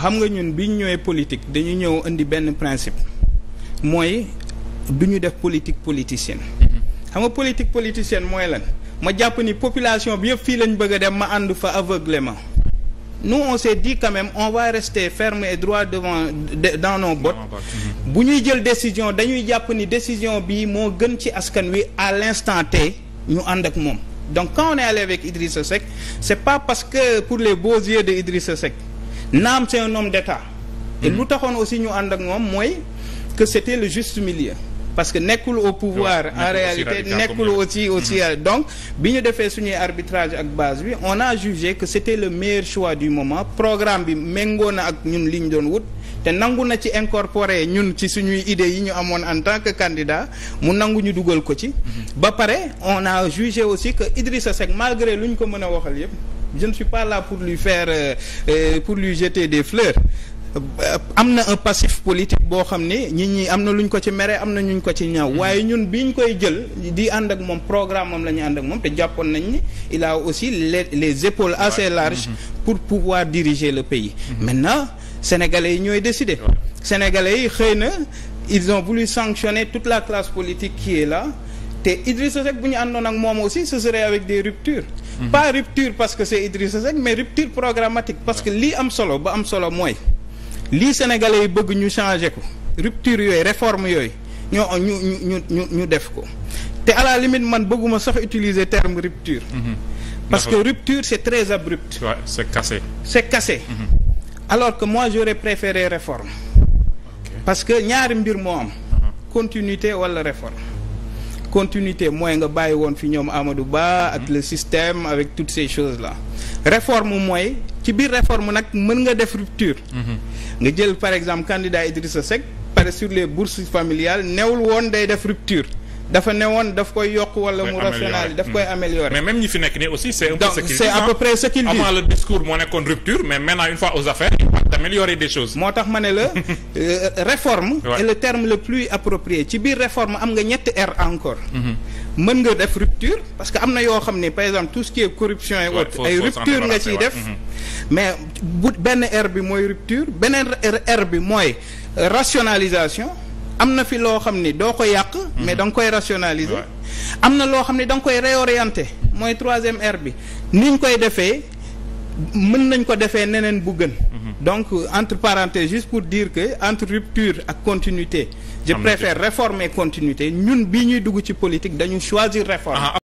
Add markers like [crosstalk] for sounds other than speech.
xam nga ñun bi ñu ñëwee politique dañu ñëw indi benn principe mooy du ñu def politique politicienne. xam nga politique politicienne mooy lan ma jàpp ni population bi yëpp fii lañ bëgg a dem ma ànd fa aveuglément nous on s'est di quand même on va rester ferme et droit devant de, dans nos mm-hmm. bu ñuy jël décision dañuy jàpp ni décision bi moo gën ci askan wi à l'instant te ñu ànd ak moom donc quand on est allé avec Idrissa Seck c'est pas parce que pour les beaux yeux de Idrissa naam c'est un homme hmm. lu taxoon aussi ñu ànd ak moom mooy que c'était le juste milieu parce que nekkul au pouvoir oui, en réalité nekkul aussi aussi hmm. euh, donc bi ñu defee suñuy arbitrage ak base bi on a jugé que c'était le meilleur choix du moment programme bi méngoo na ak ñun li ñu doon wut te nangu na ci incorporer ñun ci suñuy idées yi ñu amoon en tant que candidat mu nangu ñu dugal ko ci hmm. ba pare on a jugé aussi que Idrissa Seck malgré lu ñu ko mën a waxal yëpp je ne suis pas là pour lui faire euh, euh, pour lui jeter des fleurs euh, am na un passif politique boo xam ne nit ñi am na lu ñu ko ci mere am na ñu ñu ko ci ñaw mm-hmm. waaye ñun bi ñu koy jël di ànd ak moom programme am la ñu ànd ak moom te jàppoon nañ ni il a aussi les les épaules assez larges mm-hmm. pour pouvoir diriger le pays mm-hmm. maintenant sénégalais yi ñooy décider sénégalais yi xëy na ils ont voulu sanctionner toute la classe politique qui est là te Idrissa Seck bu ñu àndoon ak moom aussi ce serait des ruptures pas rupture parce que c'est Idrissa Seck mais rupture programmatique parce que lii am solo ba am solo mooy lii sénégalais yi bëgg ñu changer ko rupture yooyu réforme yooyu ñoo ñu ñu ñu ñu def ko te à la limite man bëgguma sax utiliser terme rupture mhm. parce que rupture c'est très abrupt ouais, c'est cassé c'est mhm. alors que mois j'aurais préféré réforme parce que ñaari mbir moo am mhm. continuité wala réforme continuité mooy nga bàyyi woon fi ñoom Amadou Ba ak le système avec toutes ces choses la réforme mooy ci biir réforme nag mën nga def rupture mhm. nga jël par exemple candidat Idrissa Seck pare sur les bourses familiales newul woon day def rupture dafa ne woon daf koy yokk wala mu rationali daf koy hmm. améliorer mais même ñi fi nekk nii aussi c'est un peu ce qu'ils disent c'est à peu près ce qu'ils disent avant le discours moo nekkoon rupture mais maintenant une fois affaires moo tax ma ne la [laughs] euh, réforme est le terme le plus approprié ci biir réforme am nga ñetti R encore mhm. mën nga def rupture parce que am na yoo xam ne par exemple tout ce qui est corruption et autres ay rupture nga ciy def mhm. mais bu benn R bi mooy rupture beneen R bi mooy rationalisation am na fi loo xam ni doo ko yàq. mais mhm. danga koy rationaliser. am na loo xam ne danga koy réorienter mooy troisième R bi ni ñu koy defee mën nañ ko defee neneen bu gën. Mhm. donc entre parenthèses juste pour dire que entre rupture ak continuité. je préfère réformer continuité ñun bii ñuy dugg ci politique dañu choisir réforme. Ah,